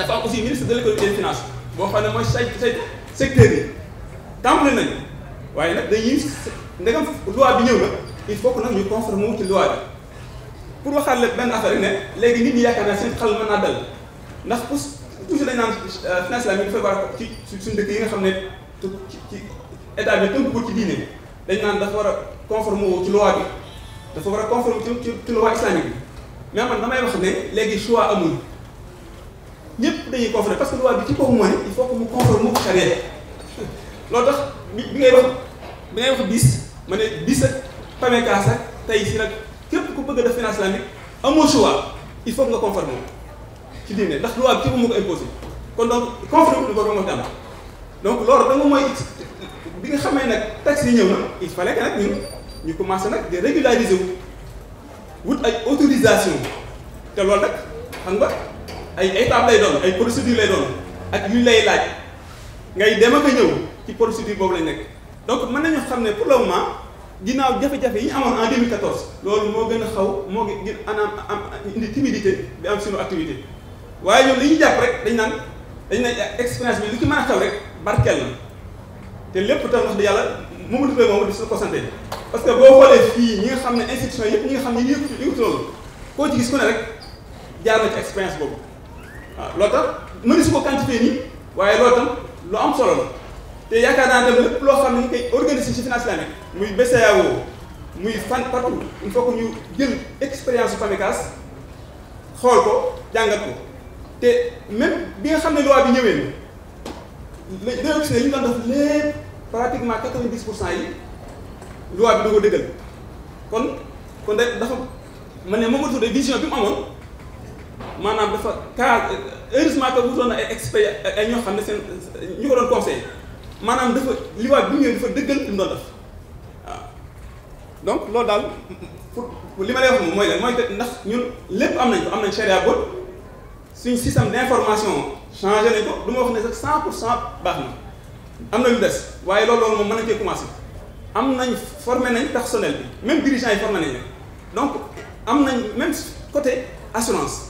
dafa am aussi ministre de l'économie et des finances boo xam ne mooy say say secteur yi tàmbali nañu waaye nag dañuy ndegam loi bi ñëw na il faut que nag ñu conforme wu ci loi bi pour waxaat la benn affaire rek ne léegi nit ñi yaakaar naa seen xel mën naa dal ndax pour toujours dañ naan finance la mi dafay war ci suñu dëkk yi nga xam ne ci état bi tënk ko ci diine dañ naan dafa war a conforme wu ci loi bi dafa war a conforme ci ci loi islamique bi mais man damay wax ne léegi choix amul ñépp dañuy conforme parce que loi bi ci kaw moo ne il faut que mu conforme mu charia loolu tax bi bi ngay wax bi ngay wax bis ma ne bis ak PAMECAS ak tey si nag képp ku bëgg a def finance islamique amoo choix il faut nga conforme ci diine ndax loi bi ci kaw moo ko imposé kon donc conforme du ko ba moo donc loolu da nga mooy bi nga xamee nag taxe yi ñëw na il fa que nag ñun ñu commencé nag di régulariser wut ay autorisation te loolu nag xam ay étape lay doon ay procédure lay doon ak ñu lay laaj ngay dem ak a ñëw ci procédure boobu lañ nekk donc mën nañu xam ne pour le moment ginnaaw jafe-jafe yi amoon en 2014 loolu moo gën a xaw moo gën anam am indi timidité bi suñu activité waaye ñoom li ñu jàpp rek dañ naan dañ naan expérience bi li ci mën a xew rek barkeel na te lépp tam wax di yàlla moom la moom di suñu ko santé parce que boo xoolee fii ñi nga xam ne institution yëpp ñi nga xam ne yëpp yëpp loolu koo ci gis ku ne rek jaar na ci expérience boobu waaw loolu tam mënu si ko quantifier nii waaye loolu tam lu am solo la te yaakaar naa ne lépp loo xam ne ñu koy organiser ci finance muy BCEAO muy fan partout il faut que ñu jël expérience su FAMECAS xool ko jàngat ko te même bi nga xam ne loi bi ñëwee na dañoo gis ne ñu doon def lépp pratiquement quatre-vingt-dix pour cent yi loi bi da ko dëggal kon kon da dafa ma ne Mamadou Touré vision bi mu amoon manam dafa cas heureusement que wutoon na ay experts ay ñoo xam sen seen ñu ko doon conseil maanaam dafa li waat bi ñëw dafa dëggal li doon def donc loolu dal pour li ma lay wax moom mooy lan mooy ndax ñun lépp am nañ ko am nañ charia bot suñ système d'information information changé nañ ko du ma wax ne sax 100 baax na am na lu des waaye loolu loolu moom mën nañ commencé am nañ formé nañ personnel bi même dirigeant yi formé nañ donc am nañ même côté assurance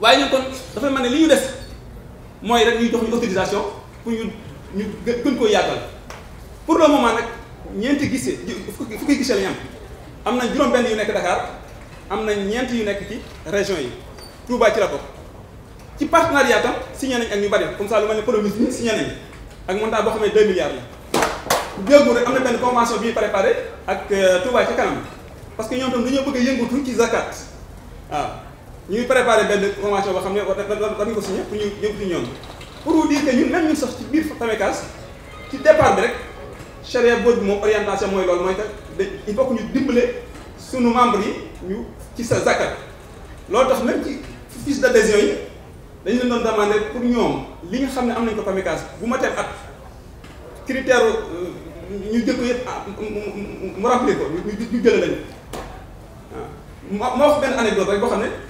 waaye ñun kon dafay mel ne li ñu des mooy rek ñuy jox ñu autorisation pour ñu ñu gën koo yaatal pour le moment nag ñeenti gisee fukki fukki gisee la ñu am na juróom-benn yu nekk Dakar am na ñeenti yu nekk ci région yi Touba ci la ko ci partenariat tam signé ak ñu bari comme ça lu mel ne promise bi signé nañ ak montant boo xam ne 2 milliards la. déggoo rek am na benn convention bi ñuy préparé ak euh, Touba ca kanam parce que ñoom tam dañoo bëgg yëngatu ci zakat waaw. ñu ngi préparé benn convention boo xam ne dañu ko signé pour ñu ñëw ci ñoom pour vous dire que ñun même ñun sax ci biir Tamekas ci départ bi rek charia boobu moom orientation mooy loolu mooy que il faut que ñu dimbale suñu membres yi ñu ci sa zakat loolu tax même ci fiche d'adhésion yi dañu leen doon demandé pour ñoom li nga xam ne am nañ ko Tamekas bu ma teel at critère euh, ñu jëkk yëpp ah, mu remplir ko ñu jëlee lañ waaw moo wax benn anecdote rek boo xam ne.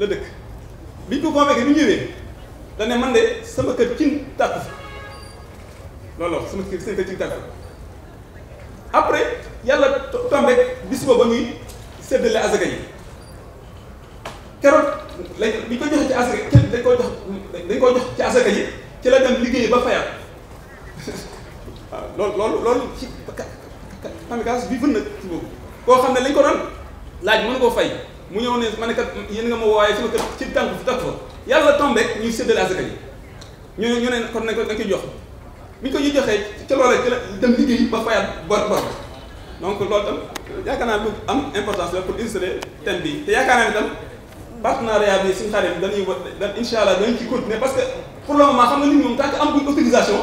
la dëkk biñ ko convoqué bi ñëwee da ne man de sama kër cin tàkku fi loolu la sama kër sama kër cin tàkku fi après yàlla tombé bis boobu ba muy séddale asaka yi keroog lañ biñ ko joxe ci dañ koo jox dañ koo jox ci asaka yi ci la dem liggéey ba fayal waaw loolu loolu loolu ci kamikaze bi fën na ci boobu koo xam ne lañ ko doon laaj mën koo fay mu ñëw ne ma ne kat yéen nga ma waaye sama kër ci tànk fi tag fa yàlla tombé ñuy séddale asaka ji ñu ñu ne kon nañ ko dañ koy jox bi ñu ko ñu joxee ca loolee dem liggéey ba fayaat donc loolu tam yaakaar naa lu am importance la pour illustrer thème bi te yaakaar naa ne tam partenariat bi suñu xarit dañuy wa incha allah dañu ci continuer parce que pour le moment xam nga nit ñi moom tant que am buñ autorisation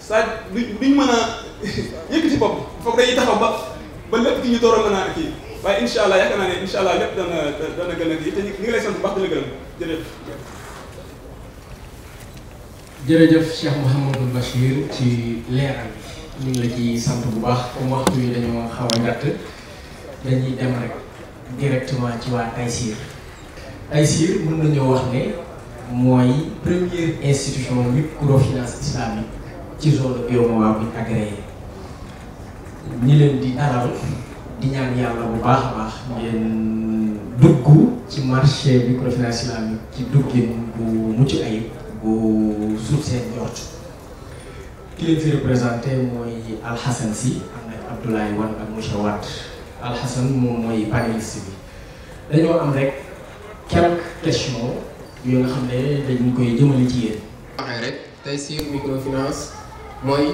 ça duñ mën a yëkkati bopp foog dañuy taxaw ba ba lépp di ñu door a naa kii waaye incha allah yaakaar naa ne incha allah lépp dana dana gën a ngi ci leeral ñu ngi la ci sant bu baax comme waxtu yi dañoo xaw a gàtt ci waa Taysir Taysir mën nañoo wax ne mooy leen di dalal. di ñaan yàlla bu baax baax ngeen dugg ci marché microfinance islamique ci duggin bu mucc ayib bu suuf seen njort ki leen fi représenté mooy Alxasan si am nag ak monsieur Alxasan moom mooy panéliste bi dañoo am rek quelques questions yoo nga xam ne dañ koy jëmale ci yéen. waxee rek tey si microfinance mooy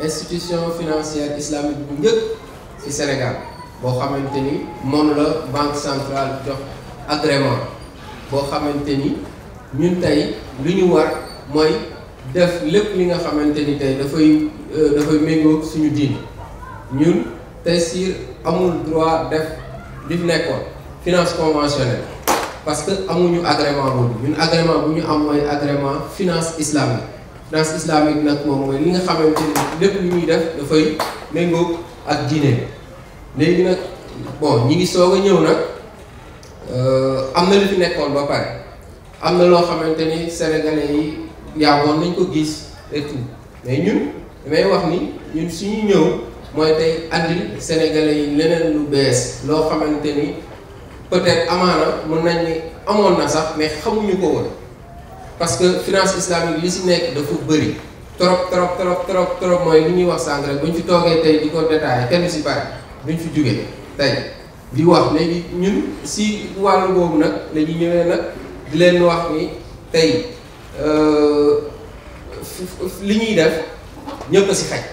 institution financière islamique bu njëkk ci Sénégal. boo xamante ni moom la banque centrale jox agrément boo xamante ni ñun tey lu ñu war mooy def lépp li nga xamante ni tey dafay euh, dafay méngoo suñu diine ñun Taysir amul droit def li fi nekkoon finance conventionnelle parce que amuñu agrément boobu ñun agrément bu ñu am mooy agrément finance islamique finance islamique nag moom mooy li nga xamante ni lépp lu ñuy def dafay méngoo ak diine léegi nag bon ñi ngi soog a ñëw nag euh, am na lu fi nekkoon ba pare am na loo xamante ni sénégalais yi yàggoon nañ ko gis et tout mais ñun damay wax ni ñun suñu ñëw mooy tey andi sénégalais yi leneen lu bees loo xamante ni peut-être amaana mun nañ ni amoon na sax mais xamuñu ko woon parce que finance islamique li si nekk dafa bëri trop trop trop trop trop mooy li ñuy wax sànq rek buñ ci toogee tey di ko détaillé kenn si bari buñ fi jógee tey di wax léegi ñun si wàllu boobu nag la ñuy ñëwee nag di leen wax ni tey euh, li ñuy def ñëpp si xaj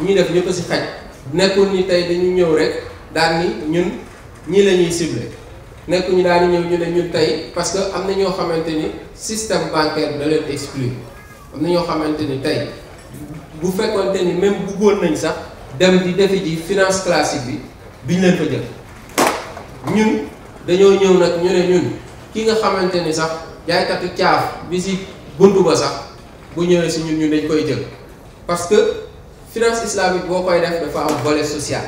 li ñuy def ñëpp si xaj nekkul ni tey dañu ñëw rek daal ñun ñii la ñuy ciblé nekkul ñu ñëw ñu ne ñun tey parce que am na ñoo xamante ni système bancaire da leen exclure am na ñoo xamante ni tey bu fekkonte ni même bëggoon nañ sax. dem di defi ji finance classique bi biñ leen fa jël ñun dañoo ñëw nag ñu ne ñun ki nga xamante ni sax jaaykatu caaf bi si bunt ba sax bu ñëwee si ñun ñun dañ koy jël parce que finance islamique boo koy def dafa am volet social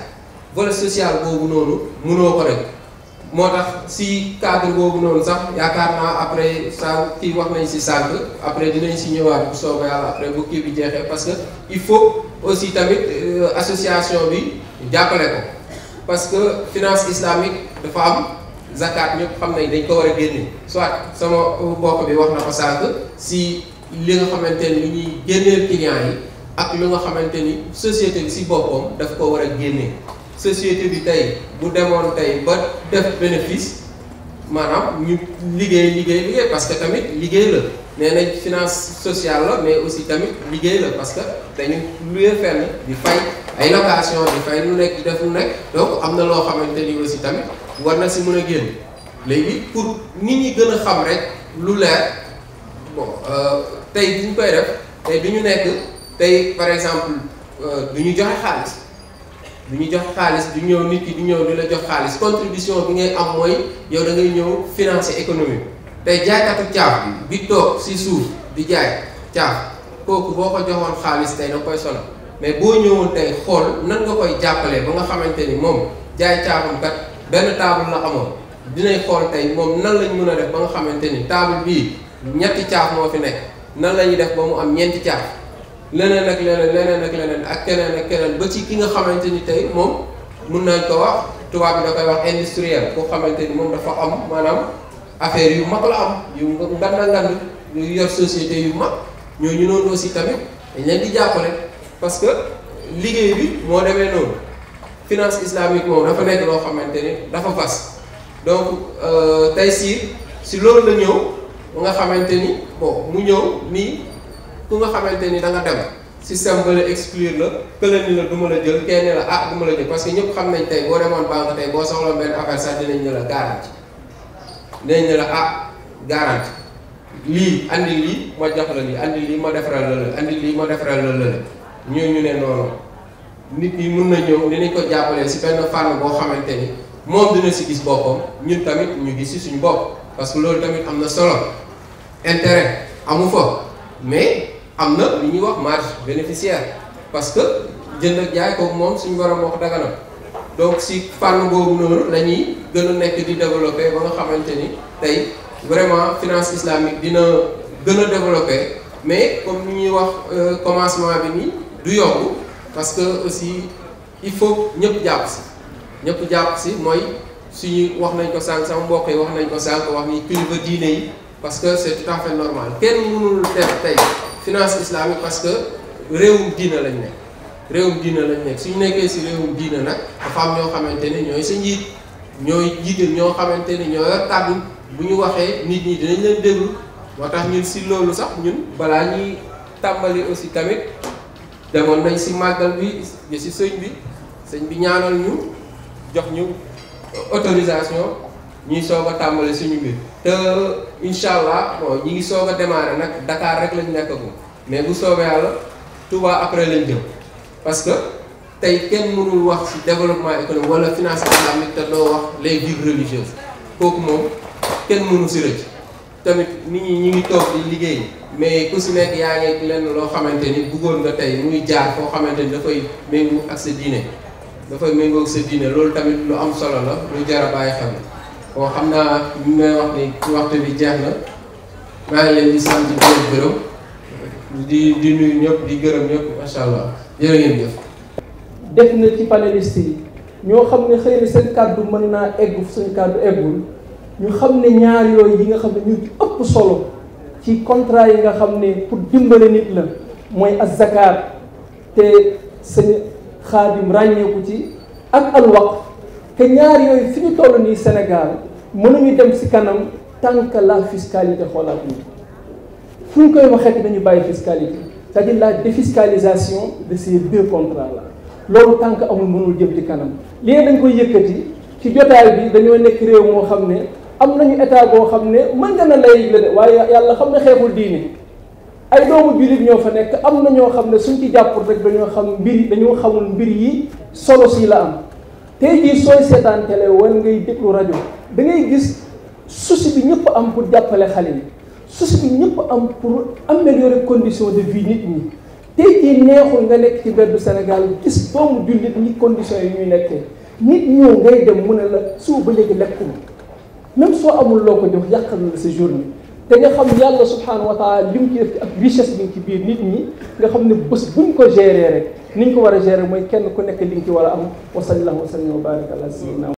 volet social boobu noonu mënoo ko rek moo tax si cadre boobu noonu sax yaakaar naa après saa kii wax nañ si sànq après dinañ si ñëwaat bu soobee yàlla après bu kii bi jeexee parce que il faut aussi tamit euh, association bi jàppale ko parce que finance islamique dafa am zakat ñëpp xam nañ dañ ko war a génne soit sama mbokk bi wax na ko sànq si li nga xamante ni ñuy génneel clients yi ak li nga xamante ni société bi si boppam daf ko war a génnee société bi tey bu demoon tey ba def bénéfice maanaam ñu liggéey liggéey liggéey parce que tamit liggéey la nee nañ finance sociale la mais aussi tamit liggéey la parce que dañu luye fenn di fay ay location di fay lu nekk di def lu nekk donc am na loo xamante ni aussi tamit war na si mën a génn léegi pour nit ñi gën a xam rek lu leer bon euh, tey bi ñu koy def tey bi ñu nekk tey par exemple euh, du ñu joxe xaalis. du ñu jox xaalis du ñëw nit ki du ñëw di la jox xaalis contribution bi ngay am mooy yow da ngay ñëw financer économie tey jaaykatu caaf bi toog si suuf di jaay caaf kooku boo ko joxoon xaalis tey da koy sonal mais boo ñëwoon tey xool nan nga koy jàppalee ba nga xamante ni moom jaay caafam kat benn taabul la amoon dinay xool tey moom nan lañ mën a def ba nga xamante ni taabul bii ñetti caaf moo fi nekk nan la ñuy def ba mu am ñeenti caaf. leneen ak leneen leneen ak leneen ak keneen ak keneen ba ci ki nga xamante ni tey moom mun nañ ko wax tubaab bi da koy wax industriel koo xamante ni moom dafa am maanaam affaire yu mag la am yu nganda ngand yu yor société yu mag ñooñu noonu aussi tamit dañ di jàppale parce que liggéey moo demee noonu finance islamique moom dafa nekk loo xamante ni dafa fas donc euh, tey si si loolu la ñëw ba nga xamante ni bon mu ñëw nii ku nga xamante ni da nga dem système ba la exclure la kële la du ma la jël kenn la ah du ma la jël parce que ñëpp xam nañ tey boo demoon banque tey boo soxla benn affaire sax dinañ ne la garantie dinañ ne la ah garantie lii andi lii ma jox la lii andi lii ma defaral la la andi lii ma defaral la la ñoo ñu ne noonu nit ñi mun na ñëw dinañ ko jàppale si benn fànn boo xamante ni moom dina si gis boppam ñun tamit ñu gis si suñu bopp parce que loolu tamit am na solo intérêt amu am na li ñuy wax marge bénéficiaire parce que jënd ak jaay kooku moom suñu borom wax dagana donc si fànn boobu noonu la gën a nekk di développé ba nga xamante ni tey vraiment finance islamique dina gën a développé mais comme ni ñuy wax euh, commencement bi nii du yomb parce que aussi il faut ñëpp jàpp si ñëpp jàpp si mooy suñu wax nañ ko sànq sama mbokk yi wax nañ ko sànq wax nii kilifa diine yi parce que c'est normal kenn mënul def tey finance islamique parce que réewum diina lañ nekk réewum diina lañ nekk suñu nekkee si réewum diina nag dafa am ñoo xamante ne ñooy sa njiit ñooy jigéen ñoo xamante ne ñoo yor kàddu bu ñu waxee nit ñi dinañ leen déglu moo tax ñun si loolu sax ñun balaa ñuy tàmbali aussi tamit demoon nañ si màggal bi si sëñ bi sëñ bi ñaanal ñu jox ñu autorisation ñuy soog a tàmbali suñu mbir te incha allah bon ñi ngi soog a démarrer nag Dakar rek lañ nekkagum mais bu soobee yàlla Touba après lañ jëm parce que tey kenn mënul wax ci développement économique wala finance islamique te doo wax les guides kooku moom kenn mënu si rëcc tamit nit ñi ñi ngi toog di liggéey mais ku si nekk yaa ngi lenn loo xamante ni bëggoon nga tey muy jaar foo xamante ni dafay méngoo ak sa diine dafay méngoo ak sa diine loolu tamit lu am solo la lu jar a boo xam naa bi may wax ni waxtu bi jeex na maa ngi di sant di leen gërëm di di ñëpp di gërëm ñëpp macha allah jërë ngeen jëf. def na ci panélistes yi ñoo xam ne xëy na seen kàddu mën naa eggu seen kàddu eggul ñu xam ne ñaar yooyu yi nga xam ne ñu ëpp solo ci contrat yi nga xam ne pour dimbale nit la mooy az-zakat te seen xaadim ràññeeku ci ak al te ñaar yooyu fi ñu toll nii Sénégal mënuñu dem si kanam tant que la fiscalité xoolaat ñu fu ñu koy waxee dañu bàyyi fiscalité c'est-à-dire la défiscalisation de ces deux contrats là loolu tant amul mënul jëm ci kanam li dañ koy yëkkati ci jotaay bi dañoo nekk réew moo xam ne am nañu état boo xam ne mën nga na lay la de waaye yàlla xam ne xeexul diine ay doomu jullit ñoo fa nekk am na ñoo xam ne suñ ci jàppul rek dañoo xam mbir dañoo xamul mbir yi solo si la am tey jii sooy seetaan télé wala ngay déglu rajo da ngay gis souci bi ñëpp am pour jàppale xale yi souci bi ñëpp am pour am améliorer condition de vie nit ñi tey jii neexul nga nekk ci mbeddu Sénégal gis doomu jullit ñi condition yi ñuy nekkee nit ñoo ngay dem mu ne la suba ba léegi lekkuma même soo amul loo ko jox yàqal na la sa journée. te nga xam yàlla subhanahu wa taala li mu ci def ci ak richesse bi ci biir nit ñi nga xam ne bés buñ ko géré rek niñ ko war a géré mooy kenn ku nekk li nga ci war a am wa sallallahu wa sallam wa baraka ala sayyidina